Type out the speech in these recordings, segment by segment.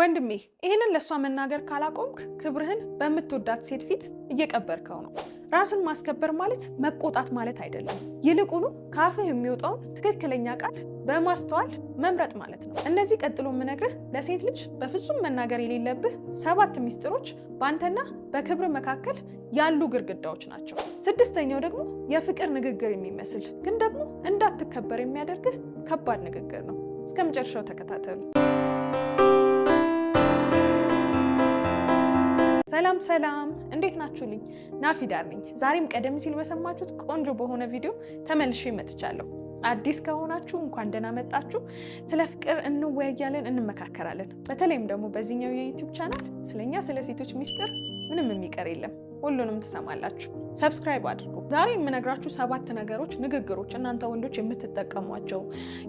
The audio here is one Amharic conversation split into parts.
ወንድሜ ይህንን ለእሷ መናገር ካላቆምክ ክብርህን በምትወዳት ሴት ፊት እየቀበርከው ነው። ራስን ማስከበር ማለት መቆጣት ማለት አይደለም። ይልቁኑ ከአፍህ የሚወጣውን ትክክለኛ ቃል በማስተዋል መምረጥ ማለት ነው። እነዚህ ቀጥሎ የምነግርህ ለሴት ልጅ በፍጹም መናገር የሌለብህ ሰባት ሚስጥሮች በአንተና በክብር መካከል ያሉ ግድግዳዎች ናቸው። ስድስተኛው ደግሞ የፍቅር ንግግር የሚመስል ግን ደግሞ እንዳትከበር የሚያደርግህ ከባድ ንግግር ነው። እስከ መጨረሻው ተከታተሉ። ሰላም ሰላም፣ እንዴት ናችሁልኝ? ናፊዳር ነኝ። ዛሬም ቀደም ሲል በሰማችሁት ቆንጆ በሆነ ቪዲዮ ተመልሼ መጥቻለሁ። አዲስ ከሆናችሁ እንኳን ደህና መጣችሁ። ስለ ፍቅር እንወያያለን፣ እንመካከራለን። በተለይም ደግሞ በዚህኛው የዩቲዩብ ቻናል ስለኛ ስለ ሴቶች ሚስጥር ምንም የሚቀር የለም። ሁሉንም ትሰማላችሁ። ሰብስክራይብ አድርጉ። ዛሬ የምነግራችሁ ሰባት ነገሮች፣ ንግግሮች እናንተ ወንዶች የምትጠቀሟቸው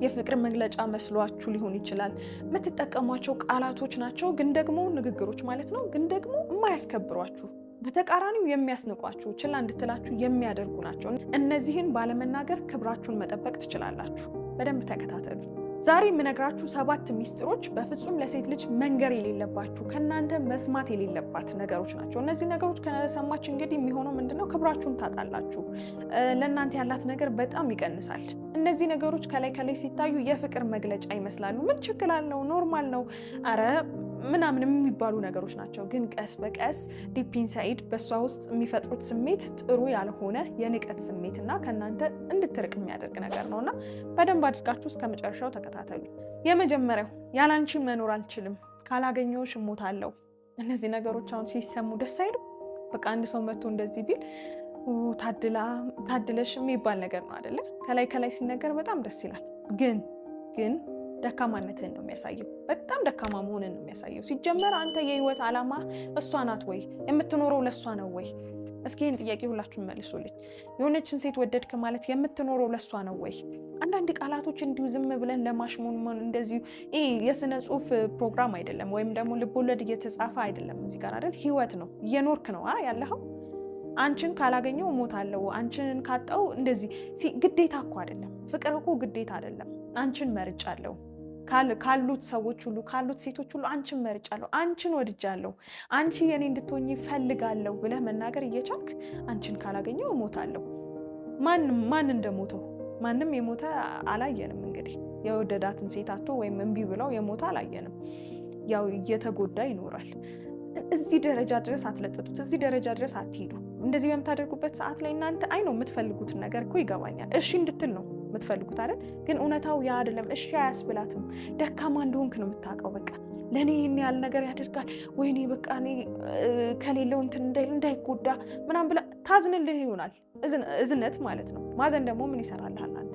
የፍቅር መግለጫ መስሏችሁ ሊሆን ይችላል የምትጠቀሟቸው ቃላቶች ናቸው፣ ግን ደግሞ ንግግሮች ማለት ነው፣ ግን ደግሞ የማያስከብሯችሁ በተቃራኒው የሚያስንቋችሁ ችላ እንድትላችሁ የሚያደርጉ ናቸው። እነዚህን ባለመናገር ክብራችሁን መጠበቅ ትችላላችሁ። በደንብ ተከታተሉ። ዛሬ የምነግራችሁ ሰባት ሚስጥሮች በፍጹም ለሴት ልጅ መንገር የሌለባችሁ ከእናንተ መስማት የሌለባት ነገሮች ናቸው። እነዚህ ነገሮች ከሰማች እንግዲህ የሚሆነው ምንድነው? ክብራችሁን ታጣላችሁ። ለእናንተ ያላት ነገር በጣም ይቀንሳል። እነዚህ ነገሮች ከላይ ከላይ ሲታዩ የፍቅር መግለጫ ይመስላሉ። ምን ችግር አለው? ኖርማል ነው። አረ ምናምን የሚባሉ ነገሮች ናቸው። ግን ቀስ በቀስ ዲፕ ኢንሳይድ በእሷ ውስጥ የሚፈጥሩት ስሜት ጥሩ ያልሆነ የንቀት ስሜት እና ከእናንተ እንድትርቅ የሚያደርግ ነገር ነው እና በደንብ አድርጋችሁ እስከ መጨረሻው ተከታተሉ። የመጀመሪያው ያላንቺ መኖር አልችልም፣ ካላገኘሁሽ እሞታለሁ። እነዚህ ነገሮች አሁን ሲሰሙ ደስ አይሉ? በቃ አንድ ሰው መጥቶ እንደዚህ ቢል ታድለሽ የሚባል ነገር ነው አይደለ? ከላይ ከላይ ሲነገር በጣም ደስ ይላል። ግን ግን ደካማነትን ነው የሚያሳየው። በጣም ደካማ መሆንን ነው የሚያሳየው። ሲጀመር አንተ የህይወት ዓላማ እሷ ናት ወይ? የምትኖረው ለእሷ ነው ወይ? እስኪ ይህን ጥያቄ ሁላችሁም መልሱልኝ። የሆነችን ሴት ወደድክ ማለት የምትኖረው ለእሷ ነው ወይ? አንዳንድ ቃላቶች እንዲሁ ዝም ብለን ለማሽሙን እንደዚሁ ይህ የስነ ጽሁፍ ፕሮግራም አይደለም፣ ወይም ደግሞ ልቦለድ እየተጻፈ አይደለም። እዚህ ጋር አይደል ህይወት ነው እየኖርክ ነው ያለኸው። አንቺን ካላገኘው አለው፣ አንቺን ካጣው እንደዚህ ግዴታ እኮ አይደለም። ፍቅር እኮ ግዴታ አይደለም። አንቺን አለው። ካሉት ሰዎች ሁሉ ካሉት ሴቶች ሁሉ አንቺን መርጫለሁ፣ አንቺን ወድጃለሁ፣ አንቺ የኔ እንድትሆኝ ፈልጋለሁ ብለህ መናገር እየቻልክ አንቺን ካላገኘው እሞታለሁ። ማንም ማን እንደሞተው ማንም የሞተ አላየንም። እንግዲህ የወደዳትን ሴት አቶ ወይም እምቢ ብለው የሞተ አላየንም። ያው እየተጎዳ ይኖራል። እዚህ ደረጃ ድረስ አትለጥጡት። እዚህ ደረጃ ድረስ አትሄዱ። እንደዚህ በምታደርጉበት ሰዓት ላይ እናንተ አይ ነው የምትፈልጉትን ነገር እኮ ይገባኛል፣ እሺ እንድትል ነው የምትፈልጉት አይደል? ግን እውነታው ያ አይደለም። እሺ አያስብላትም። ደካማ እንደሆንክ ነው የምታውቀው። በቃ ለእኔ ይህን ያህል ነገር ያደርጋል፣ ወይኔ በቃ እኔ ከሌለው እንትን እንዳይጎዳ ምናም ብላ ታዝንልህ ይሆናል። እዝነት ማለት ነው። ማዘን ደግሞ ምን ይሰራልሃል አንተ?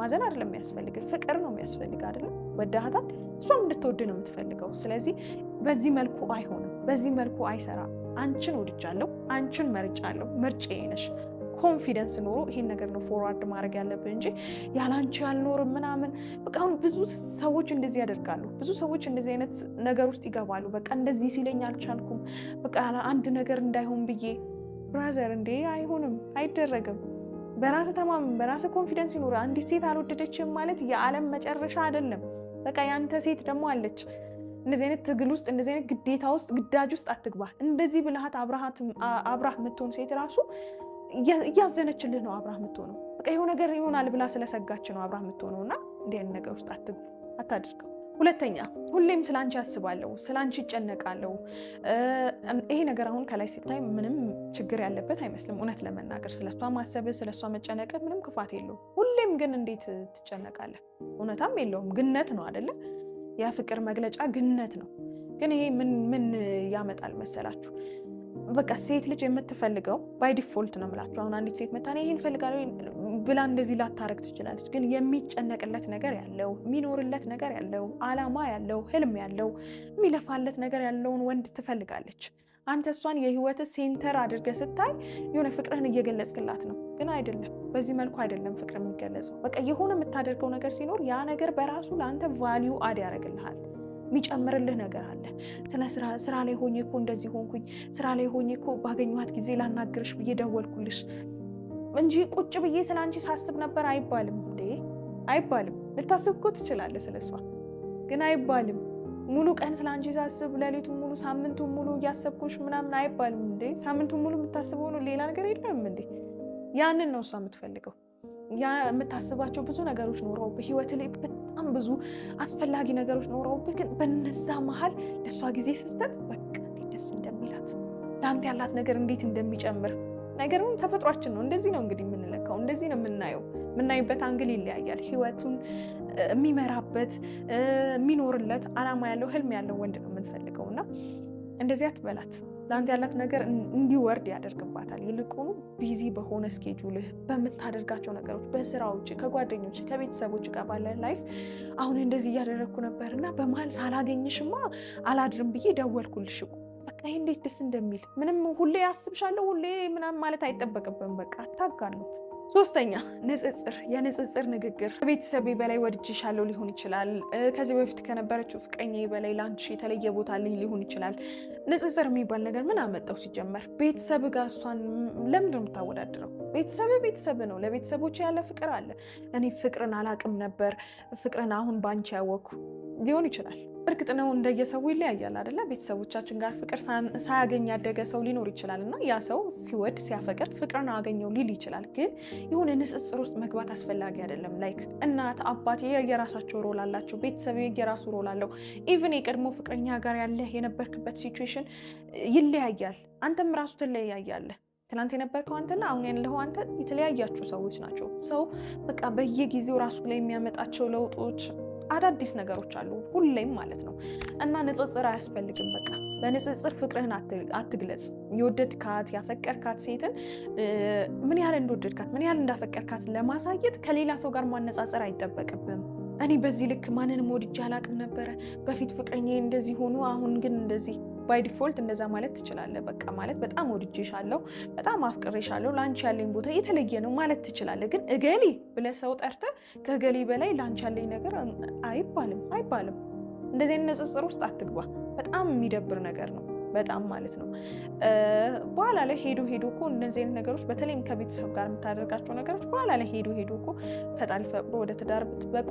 ማዘን አይደለም የሚያስፈልግ፣ ፍቅር ነው የሚያስፈልግ አይደለም? ወዳህታል፣ እሷም እንድትወድ ነው የምትፈልገው። ስለዚህ በዚህ መልኩ አይሆንም፣ በዚህ መልኩ አይሰራም። አንቺን ወድጃለሁ፣ አንቺን መርጫለሁ፣ ምርጬ ነሽ ኮንፊደንስ ኖሮ ይሄን ነገር ነው ፎርዋርድ ማድረግ ያለብን እንጂ ያላንቺ አልኖርም ምናምን። በቃ አሁን ብዙ ሰዎች እንደዚህ ያደርጋሉ። ብዙ ሰዎች እንደዚህ አይነት ነገር ውስጥ ይገባሉ። በቃ እንደዚህ ሲለኝ አልቻልኩም፣ በቃ አንድ ነገር እንዳይሆን ብዬ። ብራዘር እንዴ አይሆንም፣ አይደረግም። በራስ ተማምን፣ በራስ ኮንፊደንስ ይኖር። አንዲት ሴት አልወደደችም ማለት የዓለም መጨረሻ አይደለም። በቃ ያንተ ሴት ደግሞ አለች። እንደዚህ አይነት ትግል ውስጥ እንደዚህ አይነት ግዴታ ውስጥ ግዳጅ ውስጥ አትግባ። እንደዚህ ብልሃት አብራህ የምትሆን ሴት ራሱ እያዘነችልህ ነው አብራ የምትሆነው። በቃ ይሁ ነገር ይሆናል ብላ ስለሰጋች ነው አብራ የምትሆነው። እና እንዲህ አይነት ነገር ውስጥ አትግቡ፣ አታድርገው። ሁለተኛ ሁሌም ስለ አንቺ አስባለሁ፣ ስለ አንቺ ይጨነቃለሁ። ይሄ ነገር አሁን ከላይ ሲታይ ምንም ችግር ያለበት አይመስልም። እውነት ለመናገር ስለሷ ማሰብ፣ ስለሷ መጨነቀ ምንም ክፋት የለውም። ሁሌም ግን እንዴት ትጨነቃለህ? እውነታም የለውም ግነት ነው አደለ? የፍቅር መግለጫ ግነት ነው። ግን ይሄ ምን ምን ያመጣል መሰላችሁ? በቃ ሴት ልጅ የምትፈልገው ባይ ዲፎልት ነው የምላቸው። አሁን አንዲት ሴት መታኔ ይህን ፈልጋለሁ ብላ እንደዚህ ላታረግ ትችላለች። ግን የሚጨነቅለት ነገር ያለው የሚኖርለት ነገር ያለው አላማ ያለው ህልም ያለው የሚለፋለት ነገር ያለውን ወንድ ትፈልጋለች። አንተ እሷን የህይወት ሴንተር አድርገህ ስታይ የሆነ ፍቅርህን እየገለጽክላት ነው፣ ግን አይደለም። በዚህ መልኩ አይደለም ፍቅር የሚገለጸው። በቃ የሆነ የምታደርገው ነገር ሲኖር ያ ነገር በራሱ ለአንተ ቫሊዩ አድ ያደርግልሃል። የሚጨምርልህ ነገር አለ። ስራ ላይ ሆኜ እኮ እንደዚህ ሆንኩኝ፣ ስራ ላይ ሆኜ እኮ ባገኘኋት ጊዜ ላናግርሽ ብዬ ደወልኩልሽ እንጂ ቁጭ ብዬ ስለ አንቺ ሳስብ ነበር አይባልም። እንዴ አይባልም። ልታስብ እኮ ትችላለህ ስለሷ ግን አይባልም። ሙሉ ቀን ስለ አንቺ ሳስብ ሌሊቱን ሙሉ ሳምንቱ ሙሉ እያሰብኩሽ ምናምን አይባልም። እንዴ ሳምንቱ ሙሉ የምታስበው ሌላ ነገር የለም እንዴ? ያንን ነው እሷ የምትፈልገው። የምታስባቸው ብዙ ነገሮች ኖረውብህ ህይወት ላይ በጣም ብዙ አስፈላጊ ነገሮች ኖረውብህ፣ ግን በነዛ መሀል ለእሷ ጊዜ ስትሰጥ በቃ እንዴት ደስ እንደሚላት ለአንተ ያላት ነገር እንዴት እንደሚጨምር ነገርም ተፈጥሯችን ነው። እንደዚህ ነው እንግዲህ የምንለካው፣ እንደዚህ ነው የምናየው። የምናይበት አንግል ይለያያል። ህይወቱን የሚመራበት የሚኖርለት አላማ ያለው ህልም ያለው ወንድ ነው የምንፈልገው እና እንደዚያ ትበላት። ለአንተ ያላት ነገር እንዲወርድ ያደርግባታል። ይልቁኑ ቢዚ በሆነ ስኬጁልህ፣ በምታደርጋቸው ነገሮች፣ በስራ ውጭ፣ ከጓደኞች፣ ከቤተሰቦች ጋር ባለ ላይፍ አሁን እንደዚህ እያደረግኩ ነበር እና በመሀል ሳላገኝሽማ አላድርም ብዬ ደወልኩልሽ እኮ በቃ ይህ እንዴት ደስ እንደሚል ምንም ሁሌ አስብሻለሁ ሁሌ ምናምን ማለት አይጠበቅብን። በቃ አታጋሉት። ሶስተኛ ንጽጽር፣ የንጽጽር ንግግር። ከቤተሰቤ በላይ ወድጄሻለሁ ሊሆን ይችላል። ከዚህ በፊት ከነበረችው ፍቅረኛዬ በላይ ላንቺ የተለየ ቦታ ልኝ ሊሆን ይችላል። ንጽጽር የሚባል ነገር ምን አመጣው? ሲጀመር ቤተሰብ ጋር እሷን ለምንድን የምታወዳድረው? ቤተሰብ ቤተሰብ ነው። ለቤተሰቦች ያለ ፍቅር አለ። እኔ ፍቅርን አላቅም ነበር፣ ፍቅርን አሁን ባንቺ ያወኩ ሊሆን ይችላል። እርግጥ ነው እንደየሰው ይለያያል አይደለ? ቤተሰቦቻችን ጋር ፍቅር ሳያገኝ ያደገ ሰው ሊኖር ይችላል እና ያ ሰው ሲወድ ሲያፈቅር ፍቅርን አገኘው ሊል ይችላል። ግን የሆነ ንጽጽር ውስጥ መግባት አስፈላጊ አይደለም። ላይክ እናት አባት የየራሳቸው ሮል አላቸው። ቤተሰብ የየራሱ ሮል አለው። ኢቭን የቀድሞ ፍቅረኛ ጋር ያለህ የነበርክበት ሲትዌሽን ይለያያል። አንተም ራሱ ትለያያለህ። ትናንት የነበርከው አንተና አሁን ያለው አንተ የተለያያችሁ ሰዎች ናቸው። ሰው በቃ በየጊዜው ራሱ ላይ የሚያመጣቸው ለውጦች አዳዲስ ነገሮች አሉ ሁሌም ማለት ነው። እና ንጽጽር አያስፈልግም። በቃ በንጽጽር ፍቅርህን አትግለጽ። የወደድካት ያፈቀርካት ሴትን ምን ያህል እንደወደድካት ምን ያህል እንዳፈቀርካት ለማሳየት ከሌላ ሰው ጋር ማነጻጸር አይጠበቅብም። እኔ በዚህ ልክ ማንንም ወድጄ አላቅም ነበረ በፊት ፍቅረኛ እንደዚህ ሆኖ አሁን ግን እንደዚህ ባይ ዲፎልት እንደዛ ማለት ትችላለህ። በቃ ማለት በጣም ወድጄሻለሁ፣ በጣም አፍቅሬሻለሁ፣ ላንች ያለኝ ቦታ የተለየ ነው ማለት ትችላለህ። ግን እገሌ ብለህ ሰው ጠርተህ ከእገሌ በላይ ላንች ያለኝ ነገር አይባልም አይባልም። እንደዚህ አይነት ንጽጽር ውስጥ አትግባ። በጣም የሚደብር ነገር ነው። በጣም ማለት ነው። በኋላ ላይ ሄዶ ሄዶ እኮ እነዚህ አይነት ነገሮች በተለይም ከቤተሰብ ጋር የምታደርጋቸው ነገሮች በኋላ ላይ ሄዶ ሄዶ እኮ ፈጣሪ ፈቅዶ ወደ ትዳር ብትበቁ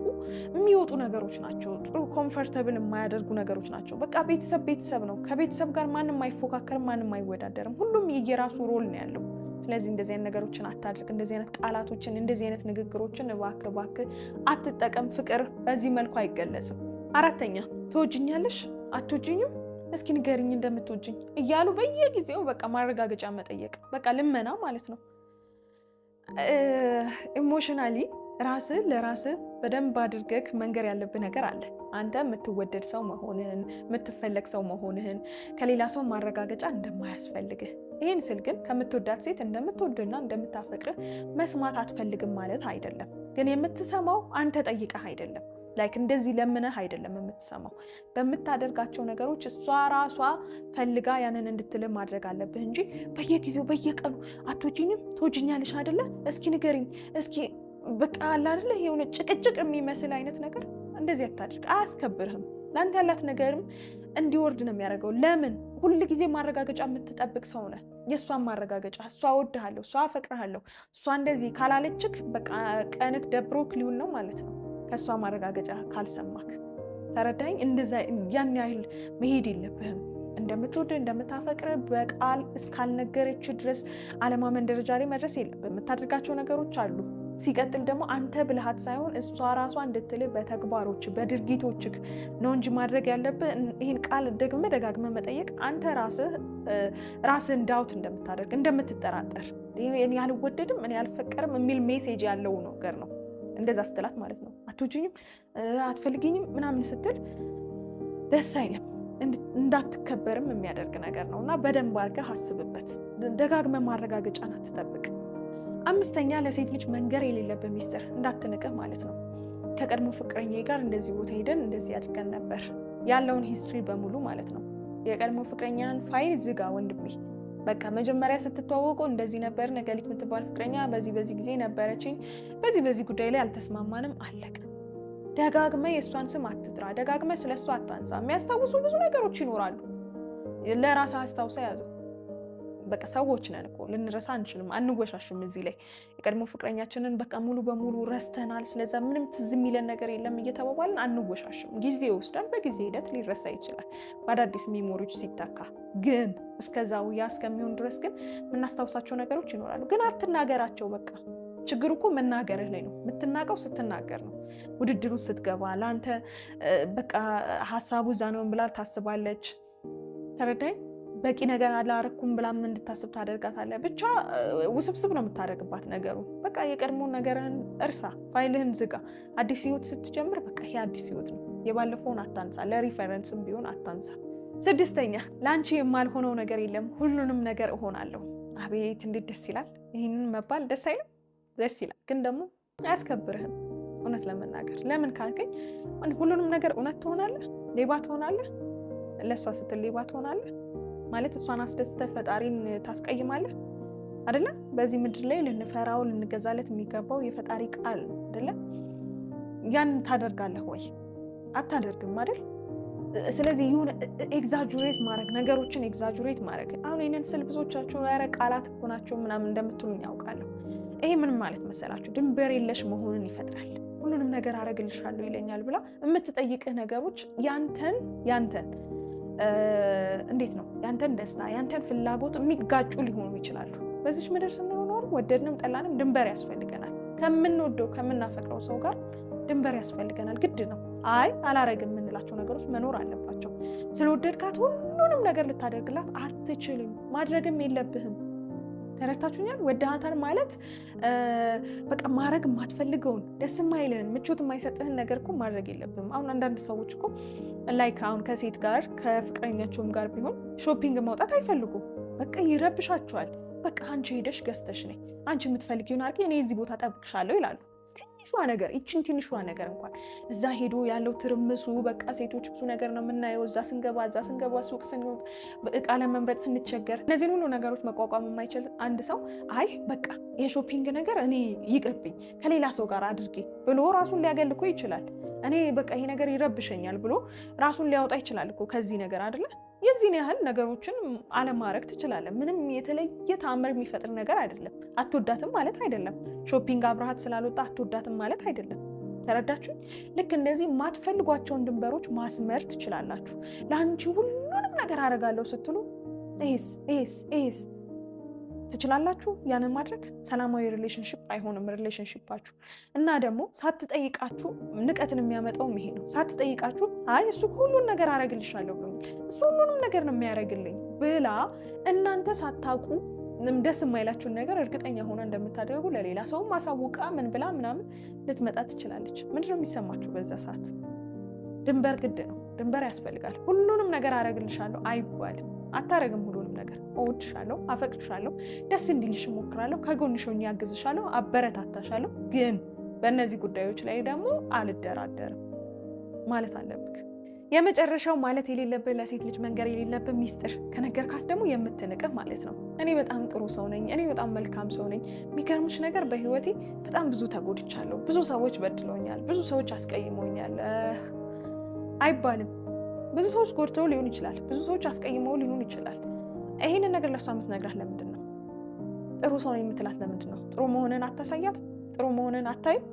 የሚወጡ ነገሮች ናቸው። ጥሩ ኮንፈርተብል የማያደርጉ ነገሮች ናቸው። በቃ ቤተሰብ ቤተሰብ ነው። ከቤተሰብ ጋር ማንም አይፎካከርም፣ ማንም አይወዳደርም። ሁሉም የየራሱ ሮል ነው ያለው። ስለዚህ እንደዚህ አይነት ነገሮችን አታድርግ፣ እንደዚህ አይነት ቃላቶችን፣ እንደዚህ አይነት ንግግሮችን እባክህ እባክህ አትጠቀም። ፍቅር በዚህ መልኩ አይገለጽም። አራተኛ ትወጅኛለሽ አትወጅኝም እስኪ ንገርኝ እንደምትወጅኝ እያሉ በየጊዜው በቃ ማረጋገጫ መጠየቅ፣ በቃ ልመና ማለት ነው። ኢሞሽናሊ ራስ ለራስ በደንብ አድርገህ መንገር ያለብህ ነገር አለ። አንተ የምትወደድ ሰው መሆንህን የምትፈለግ ሰው መሆንህን ከሌላ ሰው ማረጋገጫ እንደማያስፈልግህ። ይህን ስል ግን ከምትወዳት ሴት እንደምትወድና እንደምታፈቅርህ መስማት አትፈልግም ማለት አይደለም። ግን የምትሰማው አንተ ጠይቀህ አይደለም ላይክ እንደዚህ ለምነህ አይደለም የምትሰማው። በምታደርጋቸው ነገሮች እሷ ራሷ ፈልጋ ያንን እንድትልም ማድረግ አለብህ እንጂ በየጊዜው በየቀኑ አትወጂኝም ትወጂኛለሽ አይደለ እስኪ ንገሪኝ እስኪ በቃ አለ አይደለ የሆነ ጭቅጭቅ የሚመስል አይነት ነገር እንደዚህ አታድርግ። አያስከብርህም። ለአንተ ያላት ነገርም እንዲወርድ ነው የሚያደርገው። ለምን ሁል ጊዜ ማረጋገጫ የምትጠብቅ ሰው ነህ? የእሷን ማረጋገጫ እሷ ወድሃለሁ፣ እሷ አፈቅርሃለሁ፣ እሷ እንደዚህ ካላለችክ በቃ ቀንክ ደብሮክ ሊውል ነው ማለት ነው። ከእሷ ማረጋገጫ ካልሰማክ ተረዳኝ። እንደዛ ያን ያህል መሄድ የለብህም። እንደምትወድ እንደምታፈቅር በቃል እስካልነገረች ድረስ አለማመን ደረጃ ላይ መድረስ የለ የምታደርጋቸው ነገሮች አሉ። ሲቀጥል ደግሞ አንተ ብልሃት ሳይሆን እሷ ራሷ እንድትልህ በተግባሮች በድርጊቶች ነው እንጂ ማድረግ ያለብህ። ይህን ቃል ደግመ ደጋግመ መጠየቅ አንተ ራስህ እንዳውት እንደምታደርግ እንደምትጠራጠር፣ እኔ አልወደድም እኔ አልፈቀርም የሚል ሜሴጅ ያለው ነገር ነው። እንደዛ ስትላት ማለት ነው። አትወጂኝም፣ አትፈልጊኝም ምናምን ስትል ደስ አይልም። እንዳትከበርም የሚያደርግ ነገር ነው እና በደንብ አድርገህ አስብበት። ደጋግመ ማረጋገጫን አትጠብቅ። አምስተኛ ለሴት ልጅ መንገር የሌለብህ ሚስጥር እንዳትንቅህ ማለት ነው። ከቀድሞ ፍቅረኛ ጋር እንደዚህ ቦታ ሄደን እንደዚህ አድርገን ነበር ያለውን ሂስትሪ በሙሉ ማለት ነው። የቀድሞ ፍቅረኛን ፋይል ዝጋ ወንድሜ። በቃ መጀመሪያ ስትተዋወቁ እንደዚህ ነበር ነገሊት የምትባል ፍቅረኛ በዚህ በዚህ ጊዜ ነበረችኝ፣ በዚህ በዚህ ጉዳይ ላይ አልተስማማንም፣ አለቀ። ደጋግመ የእሷን ስም አትጥራ፣ ደጋግመ ስለ እሷ አታንሳ። የሚያስታውሱ ብዙ ነገሮች ይኖራሉ። ለራስ አስታውሳ ያዘው። በቃ ሰዎች ነን እኮ ልንረሳ አንችልም፣ አንወሻሽም። እዚህ ላይ የቀድሞ ፍቅረኛችንን በቃ ሙሉ በሙሉ ረስተናል፣ ስለዛ ምንም ትዝ የሚለን ነገር የለም እየተባባልን አንወሻሽም። ጊዜ ይወስዳል። በጊዜ ሂደት ሊረሳ ይችላል፣ በአዳዲስ ሜሞሪዎች ሲተካ። ግን እስከዛው ያ እስከሚሆን ድረስ ግን የምናስታውሳቸው ነገሮች ይኖራሉ። ግን አትናገራቸው በቃ ችግሩ እኮ መናገርህ ላይ ነው። የምትናቀው ስትናገር ነው። ውድድሩ ስትገባ ለአንተ በቃ ሀሳቡ እዛ ነው ብላ ታስባለች። ተረዳኝ። በቂ ነገር አላረኩም ብላም እንድታስብ ታደርጋታለህ። ብቻ ውስብስብ ነው የምታደርግባት ነገሩ። በቃ የቀድሞ ነገርህን እርሳ፣ ፋይልህን ዝጋ። አዲስ ህይወት ስትጀምር በቃ ይሄ አዲስ ህይወት ነው። የባለፈውን አታንሳ፣ ለሪፈረንስም ቢሆን አታንሳ። ስድስተኛ ለአንቺ የማልሆነው ነገር የለም፣ ሁሉንም ነገር እሆናለሁ። አቤት እንዴት ደስ ይላል! ይህንን መባል ደስ አይልም? ደስ ይላል፣ ግን ደግሞ አያስከብርህም። እውነት ለመናገር ለምን ካልከኝ ሁሉንም ነገር እውነት ትሆናለህ፣ ሌባ ትሆናለህ፣ ለእሷ ስትል ሌባ ትሆናለህ ማለት እሷን አስደስተህ ፈጣሪን ታስቀይማለህ አደለ? በዚህ ምድር ላይ ልንፈራው ልንገዛለት የሚገባው የፈጣሪ ቃል ነው አደለ? ያን ታደርጋለህ ወይ አታደርግም አደል? ስለዚህ የሆነ ኤግዛጁሬት ማድረግ ነገሮችን ኤግዛጁሬት ማድረግ አሁን ይህንን ስል ብዙዎቻችሁ ኧረ ቃላት እኮ ናቸው ምናምን እንደምትሉኝ ያውቃለሁ። ይሄ ምን ማለት መሰላችሁ? ድንበር የለሽ መሆኑን ይፈጥራል። ሁሉንም ነገር አረግልሻለሁ ይለኛል ብላ የምትጠይቅህ ነገሮች ያንተን ያንተን እንዴት ነው ያንተን ደስታ ያንተን ፍላጎት የሚጋጩ ሊሆኑ ይችላሉ። በዚች ምድር ስንኖር ወደድንም ጠላንም ድንበር ያስፈልገናል። ከምንወደው ከምናፈቅረው ሰው ጋር ድንበር ያስፈልገናል፣ ግድ ነው። አይ አላረግ የምንላቸው ነገሮች መኖር አለባቸው። ስለወደድካት ሁሉንም ነገር ልታደርግላት አትችልም፣ ማድረግም የለብህም። ተረድታችሁኛል። ወደሃታን ማለት በቃ ማድረግ የማትፈልገውን ደስ የማይልህን ምቾት የማይሰጥህን ነገር እኮ ማድረግ የለብም። አሁን አንዳንድ ሰዎች እኮ ላይክ አሁን ከሴት ጋር ከፍቅረኛቸውም ጋር ቢሆን ሾፒንግ መውጣት አይፈልጉም። በቃ ይረብሻቸዋል። በቃ አንቺ ሄደሽ ገዝተሽ ነይ፣ አንቺ የምትፈልጊውን አድርጊ፣ እኔ እዚህ ቦታ ጠብቅሻለሁ ይላሉ። ትንሿ ነገር ይችን ትንሿ ነገር እንኳን እዛ ሄዶ ያለው ትርምሱ በቃ ሴቶች ብዙ ነገር ነው የምናየው። እዛ ስንገባ እዛ ስንገባ ሱቅ ስንወጥ እቃ ለመምረጥ ስንቸገር እነዚህን ሁሉ ነገሮች መቋቋም የማይችል አንድ ሰው አይ በቃ የሾፒንግ ነገር እኔ ይቅርብኝ ከሌላ ሰው ጋር አድርጌ ብሎ ራሱን ሊያገል እኮ ይችላል። እኔ በቃ ይሄ ነገር ይረብሸኛል ብሎ ራሱን ሊያወጣ ይችላል እኮ ከዚህ ነገር አይደለ የዚህን ያህል ነገሮችን አለማድረግ ትችላለን። ምንም የተለየ ተአምር የሚፈጥር ነገር አይደለም። አትወዳትም ማለት አይደለም። ሾፒንግ አብረሃት ስላልወጣ አትወዳትም ማለት አይደለም። ተረዳችሁ? ልክ እንደዚህ የማትፈልጓቸውን ድንበሮች ማስመር ትችላላችሁ። ለአንቺ ሁሉንም ነገር አደርጋለሁ ስትሉ ይሄስ ይሄስ ይሄስ ትችላላችሁ ያንን ማድረግ ሰላማዊ ሪሌሽንሽፕ አይሆንም ሪሌሽንሽፓችሁ። እና ደግሞ ሳትጠይቃችሁ ንቀትን የሚያመጣው ይሄ ነው። ሳትጠይቃችሁ አይ እሱ ሁሉን ነገር አረግልሻለሁ ብሎ እሱ ሁሉንም ነገር ነው የሚያደርግልኝ ብላ እናንተ ሳታውቁ ደስ የማይላችሁን ነገር እርግጠኛ ሆና እንደምታደርጉ ለሌላ ሰውም አሳውቃ ምን ብላ ምናምን ልትመጣ ትችላለች። ምንድነው የሚሰማችሁ በዛ ሰዓት? ድንበር ግድ ነው። ድንበር ያስፈልጋል። ሁሉንም ነገር አረግልሻለሁ አይባልም። አታረግም ሁሉንም ነገር። እወድሻለሁ፣ አፈቅርሻለሁ፣ ደስ እንዲልሽ እሞክራለሁ፣ ከጎንሽ ሆኜ አግዝሻለሁ፣ አበረታታሻለሁ፣ ግን በእነዚህ ጉዳዮች ላይ ደግሞ አልደራደርም ማለት አለብክ። የመጨረሻው ማለት የሌለብህ ለሴት ልጅ መንገር የሌለብህ ሚስጥር ከነገርካት ደግሞ የምትንቅህ ማለት ነው። እኔ በጣም ጥሩ ሰው ነኝ፣ እኔ በጣም መልካም ሰው ነኝ። የሚገርምሽ ነገር በህይወቴ በጣም ብዙ ተጎድቻለሁ፣ ብዙ ሰዎች በድለውኛል፣ ብዙ ሰዎች አስቀይመውኛል አይባልም። ብዙ ሰዎች ጎድተው ሊሆን ይችላል፣ ብዙ ሰዎች አስቀይመው ሊሆን ይችላል። ይሄንን ነገር ለሷ የምትነግራት ለምንድን ነው? ጥሩ ሰው ነኝ የምትላት ለምንድን ነው? ጥሩ መሆንን አታሳያት? ጥሩ መሆንን አታይም?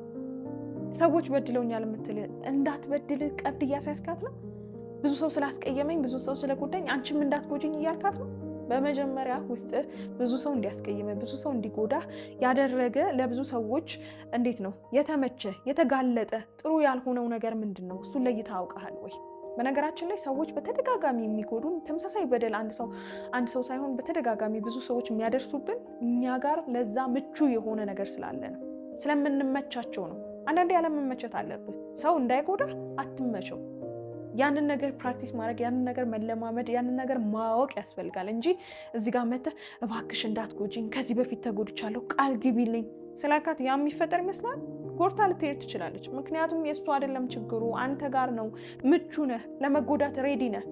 ሰዎች በድለውኛል የምትል እንዳትበድልህ ቀብድ እያሳያስካት ነው። ብዙ ሰው ስላስቀየመኝ ብዙ ሰው ስለጎዳኝ አንቺም ጎጅኝ እያልካት ነው። በመጀመሪያ ውስጥ ብዙ ሰው እንዲያስቀይመ ብዙ ሰው እንዲጎዳ ያደረገ ለብዙ ሰዎች እንዴት ነው የተመቸ የተጋለጠ ጥሩ ያልሆነው ነገር ምንድን ነው? እሱን ለይታ አውቀሃል ወይ? በነገራችን ላይ ሰዎች በተደጋጋሚ የሚጎዱን ተመሳሳይ በደል አንድ ሰው አንድ ሰው ሳይሆን በተደጋጋሚ ብዙ ሰዎች የሚያደርሱብን እኛ ጋር ለዛ ምቹ የሆነ ነገር ስላለ ነው፣ ስለምንመቻቸው ነው። አንዳንዴ ያለመመቸት አለብህ። ሰው እንዳይጎዳ አትመቸው። ያንን ነገር ፕራክቲስ ማድረግ ያንን ነገር መለማመድ ያንን ነገር ማወቅ ያስፈልጋል እንጂ እዚህ ጋር መተህ እባክሽ እንዳትጎጂኝ ከዚህ በፊት ተጎድቻለሁ ቃል ግቢልኝ ስላልካት ያ የሚፈጠር ይመስላል። ጎርታ ልትሄድ ትችላለች። ምክንያቱም የእሱ አይደለም ችግሩ፣ አንተ ጋር ነው። ምቹ ነህ፣ ለመጎዳት ሬዲ ነህ።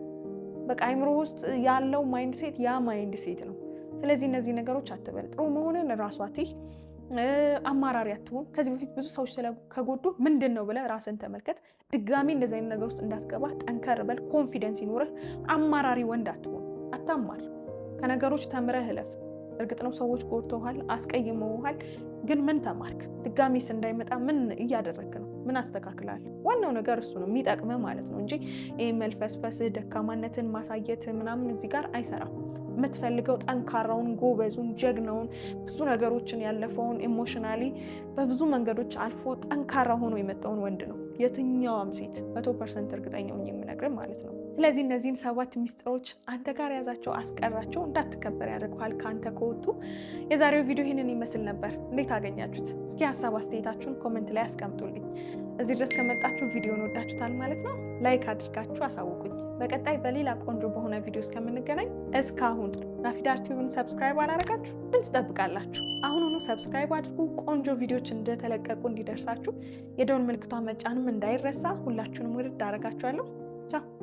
በቃ አይምሮ ውስጥ ያለው ማይንድ ሴት ያ ማይንድ ሴት ነው። ስለዚህ እነዚህ ነገሮች አትበል። ጥሩ መሆንን ራሷ አማራሪ አትሁን። ከዚህ በፊት ብዙ ሰዎች ከጎዱ ምንድን ነው ብለህ ራስን ተመልከት። ድጋሚ እንደዚህ አይነት ነገር ውስጥ እንዳትገባ ጠንከር በል። ኮንፊደንስ ይኖርህ። አማራሪ ወንድ አትሁን። አታማር። ከነገሮች ተምረህ እለፍ። እርግጥ ነው ሰዎች ጎድተውሃል፣ አስቀይመውሃል። ግን ምን ተማርክ? ድጋሚስ እንዳይመጣ ምን እያደረግክ ነው? ምን አስተካክላል? ዋናው ነገር እሱ ነው የሚጠቅምህ ማለት ነው እንጂ ይህ መልፈስፈስህ፣ ደካማነትን ማሳየት ምናምን እዚህ ጋር አይሰራም። የምትፈልገው ጠንካራውን፣ ጎበዙን፣ ጀግናውን ብዙ ነገሮችን ያለፈውን ኢሞሽናሊ በብዙ መንገዶች አልፎ ጠንካራ ሆኖ የመጣውን ወንድ ነው የትኛዋም ሴት መቶ ፐርሰንት እርግጠኛውን የምነግርም ማለት ነው። ስለዚህ እነዚህን ሰባት ሚስጥሮች አንተ ጋር ያዛቸው፣ አስቀራቸው፣ እንዳትከበር ያደርገዋል ከአንተ ከወጡ። የዛሬው ቪዲዮ ይህንን ይመስል ነበር። እንዴት አገኛችሁት? እስኪ ሀሳብ አስተያየታችሁን ኮመንት ላይ አስቀምጡልኝ። እዚህ ድረስ ከመጣችሁ ቪዲዮን ወዳችሁታል ማለት ነው። ላይክ አድርጋችሁ አሳውቁኝ። በቀጣይ በሌላ ቆንጆ በሆነ ቪዲዮ እስከምንገናኝ፣ እስካሁን ናፊዳር ቲዩብን ሰብስክራይብ አላረጋችሁ ምን ትጠብቃላችሁ? አሁኑኑ ሰብስክራይብ አድርጉ። ቆንጆ ቪዲዮዎች እንደተለቀቁ እንዲደርሳችሁ የደወል ምልክቷ መጫንም እንዳይረሳ። ሁላችሁንም ውድድ አረጋችኋለሁ። ቻው